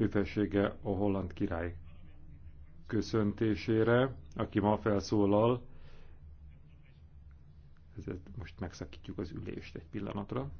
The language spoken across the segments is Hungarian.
ő felsége a holland király köszöntésére, aki ma felszólal. Ezért most megszakítjuk az ülést egy pillanatra.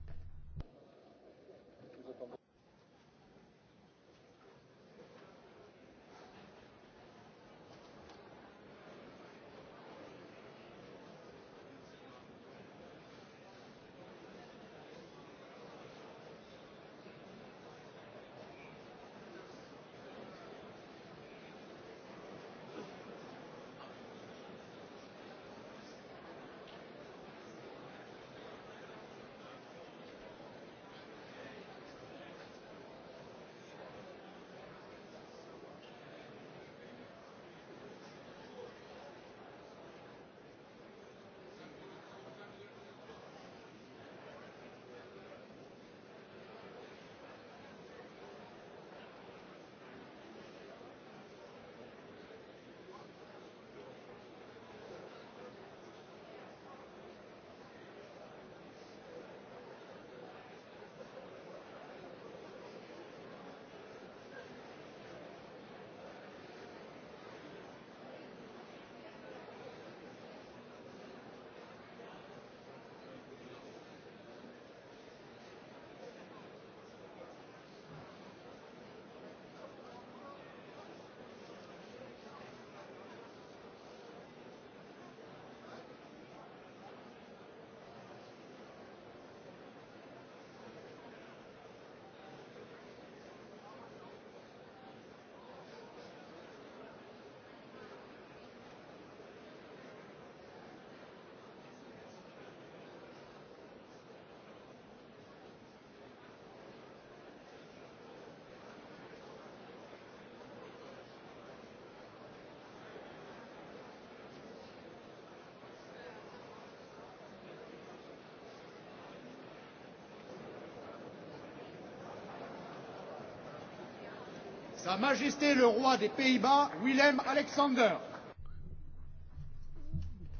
Sa Majesté le roi des Pays-Bas, Willem Alexander.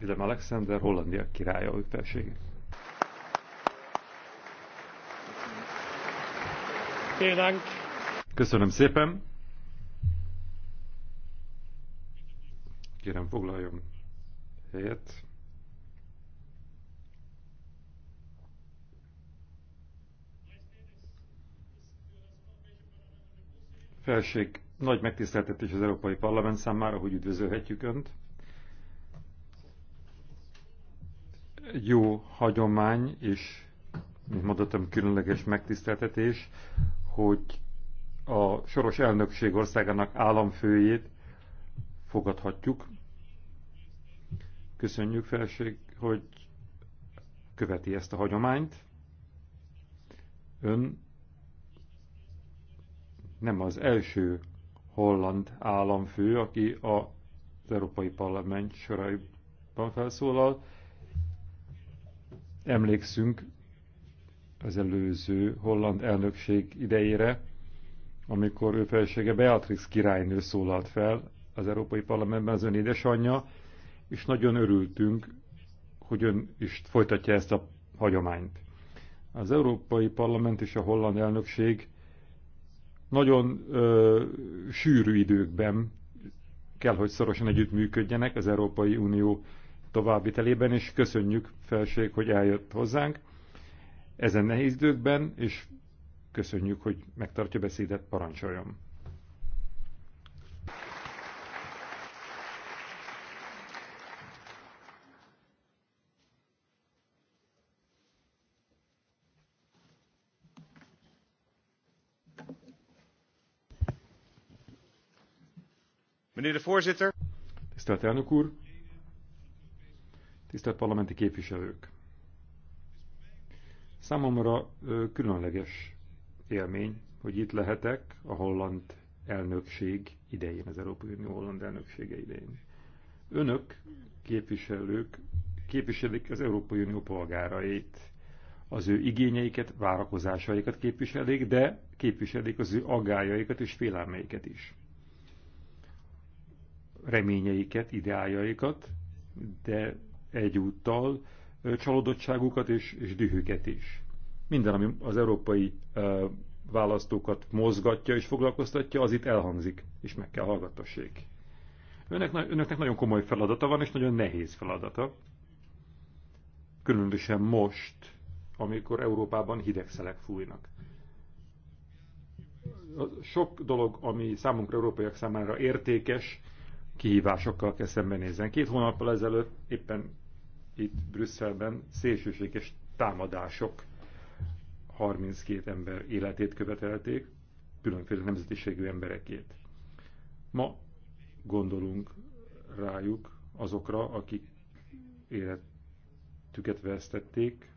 Willem Alexander, Hollandia királya, ő felsége. Köszönöm szépen. Kérem foglaljon helyet. Felség, nagy megtiszteltetés az Európai Parlament számára, hogy üdvözölhetjük Önt. Jó hagyomány és, mint mondottam, különleges megtiszteltetés, hogy a soros elnökség országának államfőjét fogadhatjuk. Köszönjük, felség, hogy követi ezt a hagyományt. Ön nem az első holland államfő, aki az Európai Parlament soraiban felszólal. Emlékszünk az előző holland elnökség idejére, amikor ő felsége Beatrix királynő szólalt fel az Európai Parlamentben, az ön édesanyja, és nagyon örültünk, hogy ön is folytatja ezt a hagyományt. Az Európai Parlament és a holland elnökség nagyon ö, sűrű időkben kell, hogy szorosan együttműködjenek az Európai Unió továbbvitelében, és köszönjük felség, hogy eljött hozzánk ezen nehéz időkben, és köszönjük, hogy megtartja beszédet, parancsoljon. meneer de voorzitter. Tisztelt elnök úr, tisztelt parlamenti képviselők. Számomra különleges élmény, hogy itt lehetek a holland elnökség idején, az Európai Unió holland elnöksége idején. Önök, képviselők, képviselik az Európai Unió polgárait, az ő igényeiket, várakozásaikat képviselik, de képviselik az ő aggájaikat és félelmeiket is reményeiket, ideájaikat, de egyúttal csalódottságukat és, és dühüket is. Minden, ami az európai választókat mozgatja és foglalkoztatja, az itt elhangzik, és meg kell hallgatassék. Önnek, önöknek nagyon komoly feladata van, és nagyon nehéz feladata. Különösen most, amikor Európában hidegszelek fújnak. Sok dolog, ami számunkra, európaiak számára értékes, kihívásokkal kell szembenézzen. Két hónappal ezelőtt éppen itt Brüsszelben szélsőséges támadások 32 ember életét követelték, különféle nemzetiségű emberekét. Ma gondolunk rájuk, azokra, akik életüket vesztették,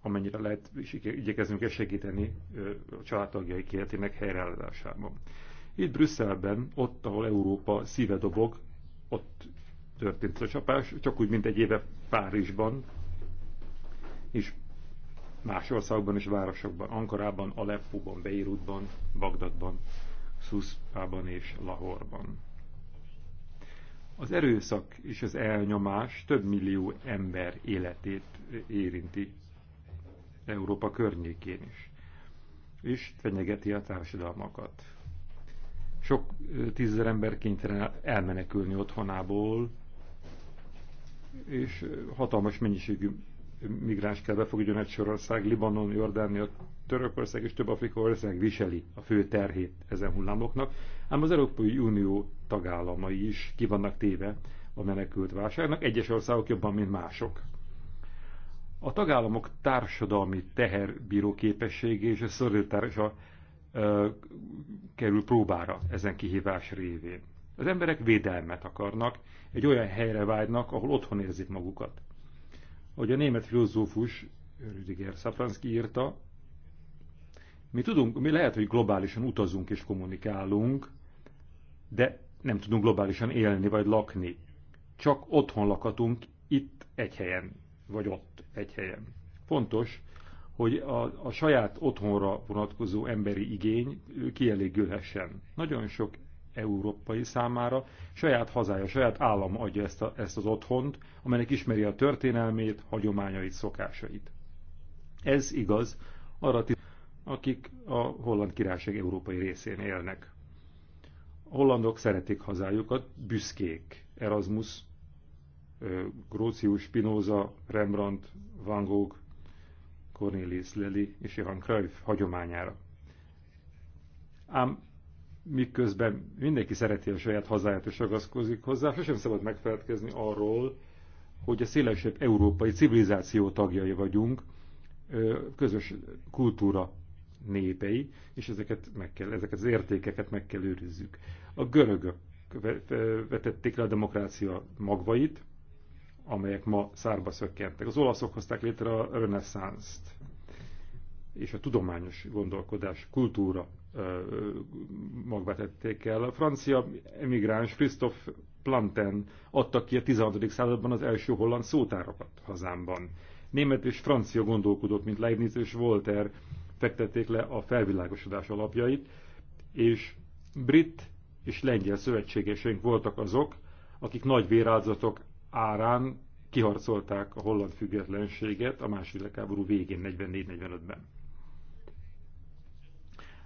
amennyire lehet, és igyekezünk el segíteni a családtagjai életének helyreállásában. Itt Brüsszelben, ott, ahol Európa szíve dobog, ott történt a csapás, csak úgy, mint egy éve Párizsban, és más országban és városokban, Ankarában, Aleppóban, Beirutban, Bagdadban, Szuszpában és Lahorban. Az erőszak és az elnyomás több millió ember életét érinti Európa környékén is, és fenyegeti a társadalmakat. Sok tízezer ember kénytelen elmenekülni otthonából, és hatalmas mennyiségű migráns kell befogadjon egy sorország, Libanon, Jordánia, Törökország és több afrikai ország viseli a fő terhét ezen hullámoknak, ám az Európai Unió tagállamai is ki vannak téve a menekült válságnak, egyes országok jobban, mint mások. A tagállamok társadalmi teherbíró képessége és a szolidaritás a kerül próbára ezen kihívás révén. Az emberek védelmet akarnak, egy olyan helyre vágynak, ahol otthon érzik magukat. Ahogy a német filozófus Rüdiger Szafranszki írta, mi tudunk, mi lehet, hogy globálisan utazunk és kommunikálunk, de nem tudunk globálisan élni vagy lakni. Csak otthon lakatunk, itt egy helyen, vagy ott egy helyen. Fontos, hogy a, a saját otthonra vonatkozó emberi igény kielégülhessen. Nagyon sok európai számára saját hazája, saját állam adja ezt, a, ezt az otthont, amelynek ismeri a történelmét, hagyományait, szokásait. Ez igaz arra, akik a holland királyság európai részén élnek. A hollandok szeretik hazájukat, büszkék. Erasmus, Grócius, Spinoza, Rembrandt, Van Gogh, Cornelis Lely és Johan Cruyff hagyományára. Ám miközben mindenki szereti a saját hazáját és ragaszkozik hozzá, sosem szabad megfeledkezni arról, hogy a szélesebb európai civilizáció tagjai vagyunk, közös kultúra népei, és ezeket, meg kell, ezeket az értékeket meg kell őrizzük. A görögök vetették le a demokrácia magvait, amelyek ma szárba szökkentek. Az olaszok hozták létre a reneszánszt és a tudományos gondolkodás, kultúra magba tették el. A francia emigráns Christophe Planten adta ki a 16. században az első holland szótárakat hazámban. Német és francia gondolkodók, mint Leibniz és Voltaire fektették le a felvilágosodás alapjait, és brit és lengyel szövetségeseink voltak azok, akik nagy véráldozatok árán kiharcolták a holland függetlenséget a II. világháború végén, 44-45-ben.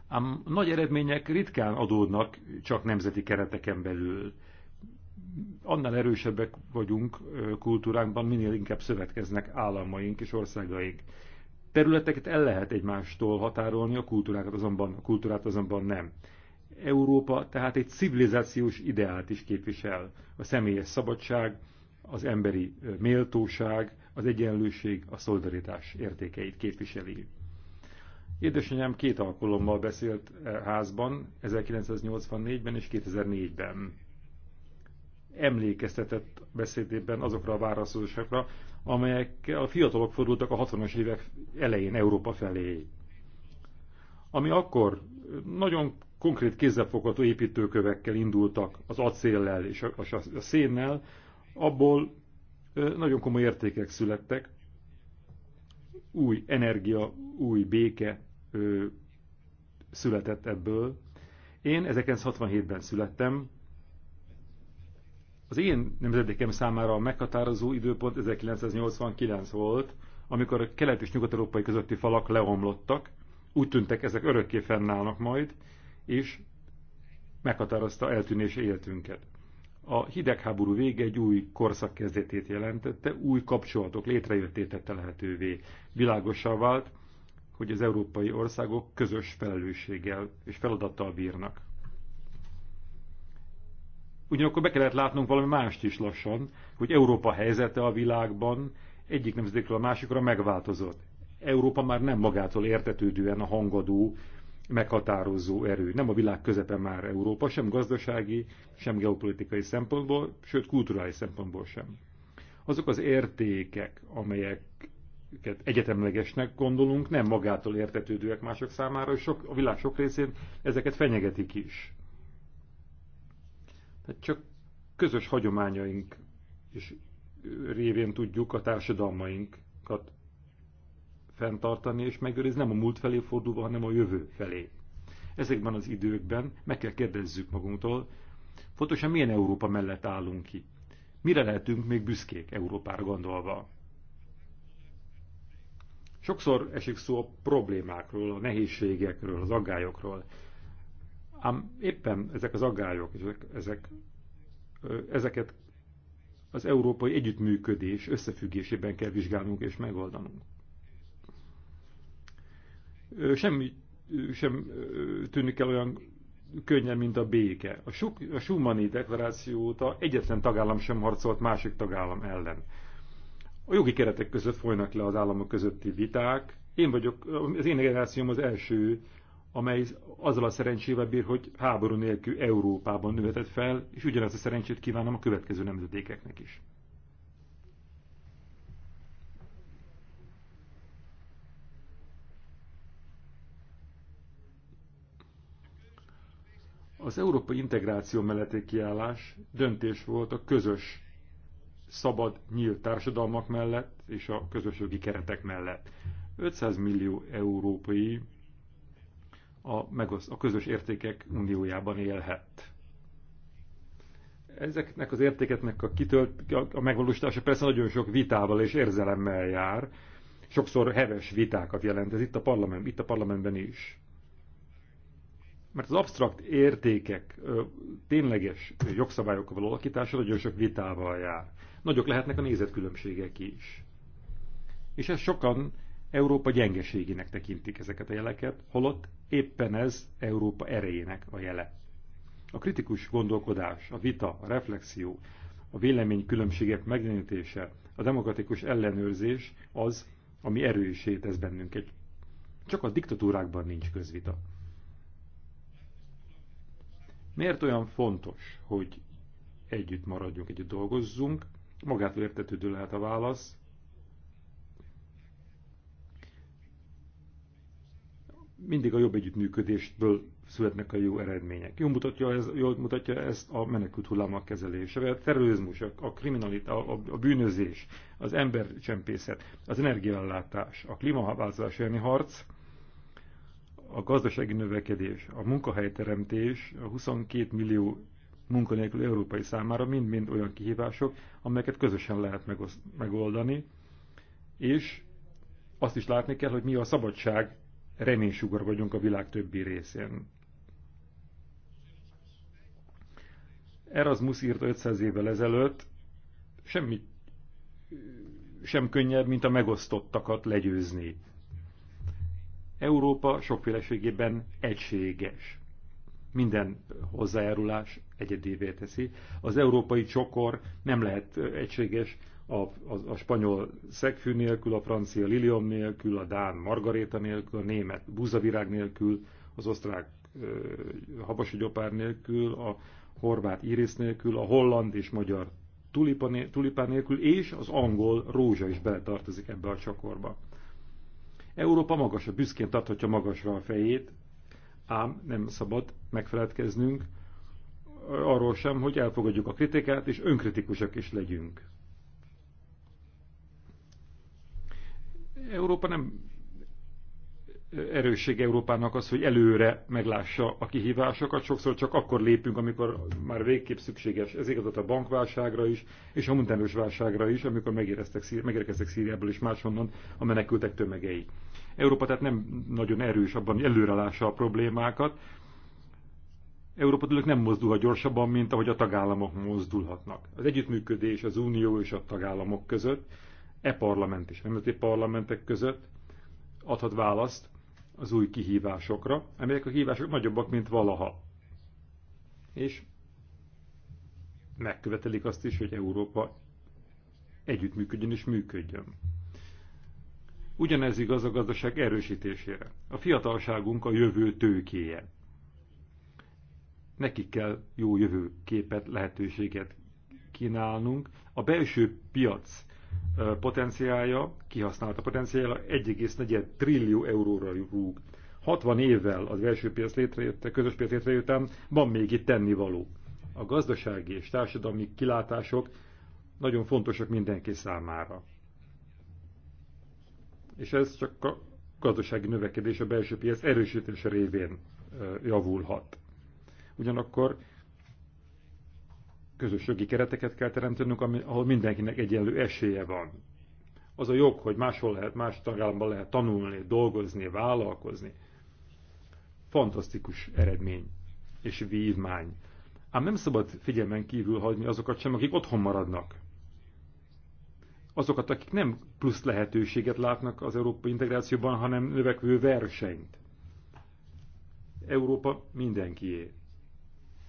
Ám nagy eredmények ritkán adódnak csak nemzeti kereteken belül. Annál erősebbek vagyunk kultúránkban, minél inkább szövetkeznek államaink és országaink. Területeket el lehet egymástól határolni, a kultúrákat azonban, a kultúrát azonban nem. Európa tehát egy civilizációs ideált is képvisel. A személyes szabadság, az emberi méltóság, az egyenlőség, a szolidaritás értékeit képviseli. Édesanyám két alkalommal beszélt e, házban, 1984-ben és 2004-ben. Emlékeztetett beszédében azokra a válaszolásokra, amelyek a fiatalok fordultak a 60-as évek elején Európa felé. Ami akkor nagyon konkrét kézzelfogható építőkövekkel indultak, az acéllel és a, a, a szénnel, abból nagyon komoly értékek születtek, új energia, új béke született ebből. Én 1967-ben születtem, az én nemzedékem számára a meghatározó időpont 1989 volt, amikor a kelet és nyugat-európai közötti falak leomlottak, úgy tűntek ezek örökké fennállnak majd, és meghatározta eltűnés életünket a hidegháború vége egy új korszak kezdetét jelentette, új kapcsolatok létrejöttét tette lehetővé. Világosá vált, hogy az európai országok közös felelősséggel és feladattal bírnak. Ugyanakkor be kellett látnunk valami mást is lassan, hogy Európa helyzete a világban egyik nemzedékről a másikra megváltozott. Európa már nem magától értetődően a hangadó meghatározó erő. Nem a világ közepe már Európa, sem gazdasági, sem geopolitikai szempontból, sőt kulturális szempontból sem. Azok az értékek, amelyeket egyetemlegesnek gondolunk, nem magától értetődőek mások számára, és sok, a világ sok részén ezeket fenyegetik is. Tehát csak közös hagyományaink és révén tudjuk a társadalmainkat fenntartani és megőrizni, nem a múlt felé fordulva, hanem a jövő felé. Ezekben az időkben meg kell kérdezzük magunktól, fontosan milyen Európa mellett állunk ki. Mire lehetünk még büszkék Európára gondolva? Sokszor esik szó a problémákról, a nehézségekről, az aggályokról. Ám éppen ezek az aggályok, ezek, ezek, ezeket az európai együttműködés összefüggésében kell vizsgálnunk és megoldanunk semmi sem tűnik el olyan könnyen, mint a béke. A, Suk a Schumani deklaráció óta egyetlen tagállam sem harcolt másik tagállam ellen. A jogi keretek között folynak le az államok közötti viták. Én vagyok, az én generációm az első, amely azzal a szerencsével bír, hogy háború nélkül Európában nőhetett fel, és ugyanazt a szerencsét kívánom a következő nemzedékeknek is. Az európai integráció melletti kiállás döntés volt a közös, szabad, nyílt társadalmak mellett és a közös jogi keretek mellett. 500 millió európai a, megosz, a közös értékek uniójában élhet. Ezeknek az értékeknek a, kitölt, a, a megvalósítása persze nagyon sok vitával és érzelemmel jár, sokszor heves vitákat jelent ez itt a, parlament, itt a parlamentben is mert az absztrakt értékek tényleges jogszabályokkal való alakítása nagyon sok vitával jár. Nagyok lehetnek a nézetkülönbségek is. És ezt sokan Európa gyengeségének tekintik ezeket a jeleket, holott éppen ez Európa erejének a jele. A kritikus gondolkodás, a vita, a reflexió, a véleménykülönbségek megjelenítése, a demokratikus ellenőrzés az, ami erősé tesz bennünket. Csak a diktatúrákban nincs közvita. Miért olyan fontos, hogy együtt maradjunk, együtt dolgozzunk? Magától értetődő lehet a válasz. Mindig a jobb együttműködésből születnek a jó eredmények. Jól mutatja, ez, jól mutatja ezt a menekült hullámok kezelése, a terrorizmus, a, a kriminalitás, a, a, bűnözés, az embercsempészet, az energiállátás, a klímaváltozás elleni harc, a gazdasági növekedés, a munkahelyteremtés, a 22 millió munkanélkül európai számára mind-mind olyan kihívások, amelyeket közösen lehet megoldani, és azt is látni kell, hogy mi a szabadság reménysugar vagyunk a világ többi részén. Erasmus írta 500 évvel ezelőtt, semmi sem könnyebb, mint a megosztottakat legyőzni. Európa sokféleségében egységes. Minden hozzájárulás egyedévé teszi. Az európai csokor nem lehet egységes a, a, a spanyol szegfű nélkül, a francia lilium nélkül, a dán margaréta nélkül, a német búzavirág nélkül, az osztrák ö, gyopár nélkül, a horvát írész nélkül, a holland és magyar tulipán nélkül, és az angol rózsa is beletartozik ebbe a csokorba. Európa magasra, büszkén tarthatja magasra a fejét, ám nem szabad megfeledkeznünk arról sem, hogy elfogadjuk a kritikát, és önkritikusak is legyünk. Európa nem erősség Európának az, hogy előre meglássa a kihívásokat. Sokszor csak akkor lépünk, amikor már végképp szükséges. Ez igazat a bankválságra is, és a munterős válságra is, amikor megérkeztek Szíriából és máshonnan a menekültek tömegei. Európa tehát nem nagyon erős abban, hogy előrelássa a problémákat. Európa tőlük nem mozdulhat gyorsabban, mint ahogy a tagállamok mozdulhatnak. Az együttműködés az Unió és a tagállamok között, e parlament és nemzeti parlamentek között adhat választ az új kihívásokra, amelyek a kihívások nagyobbak, mint valaha. És megkövetelik azt is, hogy Európa együttműködjön és működjön. Ugyanez igaz a gazdaság erősítésére. A fiatalságunk a jövő tőkéje. Nekik kell jó jövőképet, lehetőséget kínálnunk. A belső piac potenciálja, kihasználta potenciálja 1,4 trillió euróra rúg. 60 évvel az első piac létrejött, közös piac létrejöttem, van még itt tennivaló. A gazdasági és társadalmi kilátások nagyon fontosak mindenki számára. És ez csak a gazdasági növekedés a belső piac erősítése révén javulhat. Ugyanakkor közös jogi kereteket kell teremtenünk, ahol mindenkinek egyenlő esélye van. Az a jog, hogy máshol lehet, más tagállamban lehet tanulni, dolgozni, vállalkozni. Fantasztikus eredmény és vívmány. Ám nem szabad figyelmen kívül hagyni azokat sem, akik otthon maradnak. Azokat, akik nem plusz lehetőséget látnak az európai integrációban, hanem növekvő versenyt. Európa mindenkié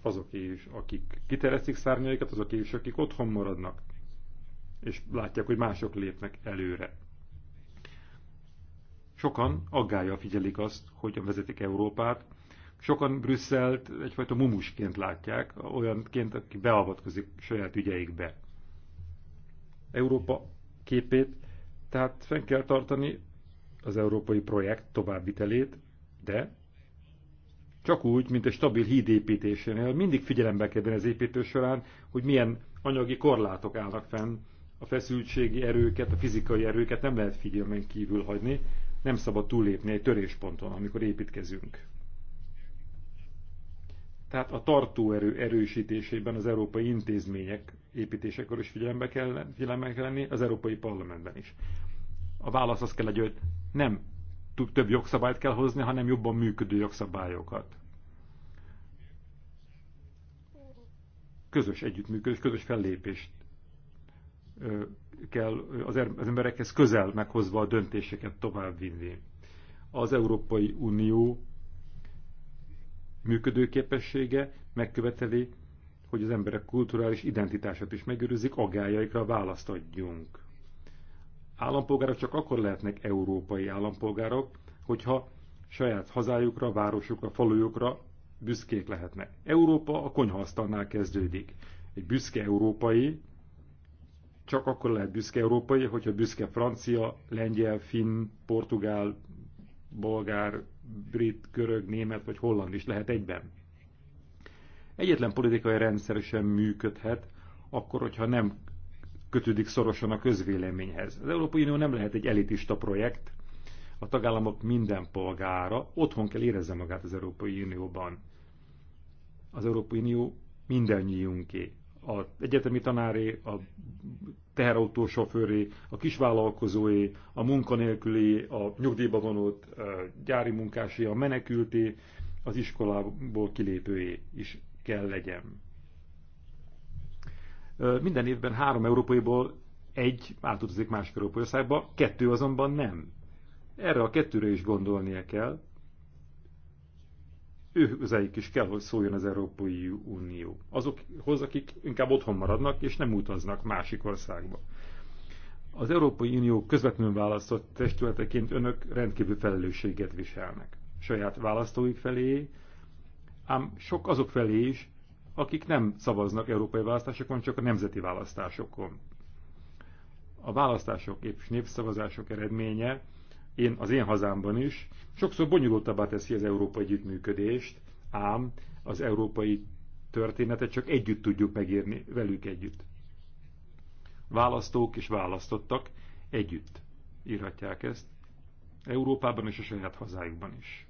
azok is, akik kiteresztik szárnyaikat, azok is, akik otthon maradnak, és látják, hogy mások lépnek előre. Sokan aggája figyelik azt, hogyan vezetik Európát, sokan Brüsszelt egyfajta mumusként látják, olyanként, aki beavatkozik saját ügyeikbe. Európa képét, tehát fenn kell tartani az európai projekt továbbvitelét, de csak úgy, mint egy stabil hídépítésénél, mindig figyelembe kell venni az építő során, hogy milyen anyagi korlátok állnak fenn, a feszültségi erőket, a fizikai erőket nem lehet figyelmen kívül hagyni, nem szabad túllépni egy törésponton, amikor építkezünk. Tehát a tartóerő erősítésében az európai intézmények építésekor is figyelembe kell, figyelembe kell lenni, az európai parlamentben is. A válasz az kell legyen, hogy nem több jogszabályt kell hozni, hanem jobban működő jogszabályokat. Közös együttműködés, közös fellépést kell az emberekhez közel meghozva a döntéseket továbbvinni. Az Európai Unió működőképessége megköveteli, hogy az emberek kulturális identitását is megőrizzük, agájaikra választ adjunk állampolgárok csak akkor lehetnek európai állampolgárok, hogyha saját hazájukra, városukra, falujukra büszkék lehetnek. Európa a konyhaasztalnál kezdődik. Egy büszke európai csak akkor lehet büszke európai, hogyha büszke francia, lengyel, finn, portugál, bolgár, brit, görög, német vagy holland is lehet egyben. Egyetlen politikai rendszer sem működhet, akkor, hogyha nem kötődik szorosan a közvéleményhez. Az Európai Unió nem lehet egy elitista projekt, a tagállamok minden polgára otthon kell érezze magát az Európai Unióban. Az Európai Unió mindannyiunké. A egyetemi tanáré, a teherautó sofőré, a kisvállalkozói, a munkanélküli, a nyugdíjba vonult a gyári munkásé, a menekülté, az iskolából kilépőé is kell legyen. Minden évben három európaiból egy átutazik másik európai országba, kettő azonban nem. Erre a kettőre is gondolnia kell. Ő is kell, hogy szóljon az Európai Unió. Azokhoz, akik inkább otthon maradnak, és nem utaznak másik országba. Az Európai Unió közvetlenül választott testületeként önök rendkívül felelősséget viselnek. Saját választóik felé, ám sok azok felé is, akik nem szavaznak európai választásokon, csak a nemzeti választásokon. A választások és népszavazások eredménye én, az én hazámban is sokszor bonyolultabbá teszi az európai együttműködést, ám az európai történetet csak együtt tudjuk megírni, velük együtt. Választók és választottak együtt írhatják ezt, Európában és a saját hazájukban is.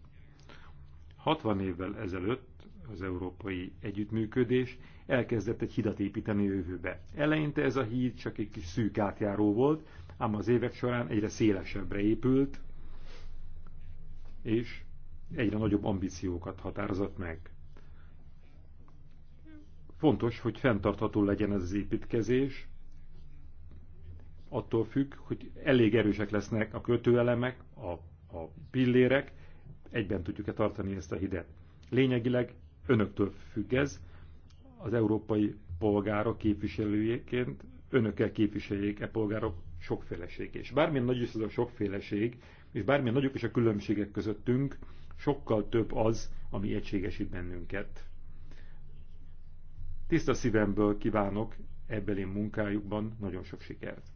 60 évvel ezelőtt az európai együttműködés elkezdett egy hidat építeni jövőbe. Eleinte ez a híd csak egy kis szűk átjáró volt, ám az évek során egyre szélesebbre épült, és egyre nagyobb ambíciókat határozott meg. Fontos, hogy fenntartható legyen ez az építkezés, attól függ, hogy elég erősek lesznek a kötőelemek, a, a pillérek, egyben tudjuk-e tartani ezt a hidet. Lényegileg önöktől függ ez, az európai polgárok képviselőjéként önökkel képviseljék e polgárok sokféleség. És bármilyen nagy is ez a sokféleség, és bármilyen nagyok is a különbségek közöttünk, sokkal több az, ami egységesít bennünket. Tiszta szívemből kívánok ebbeli munkájukban nagyon sok sikert.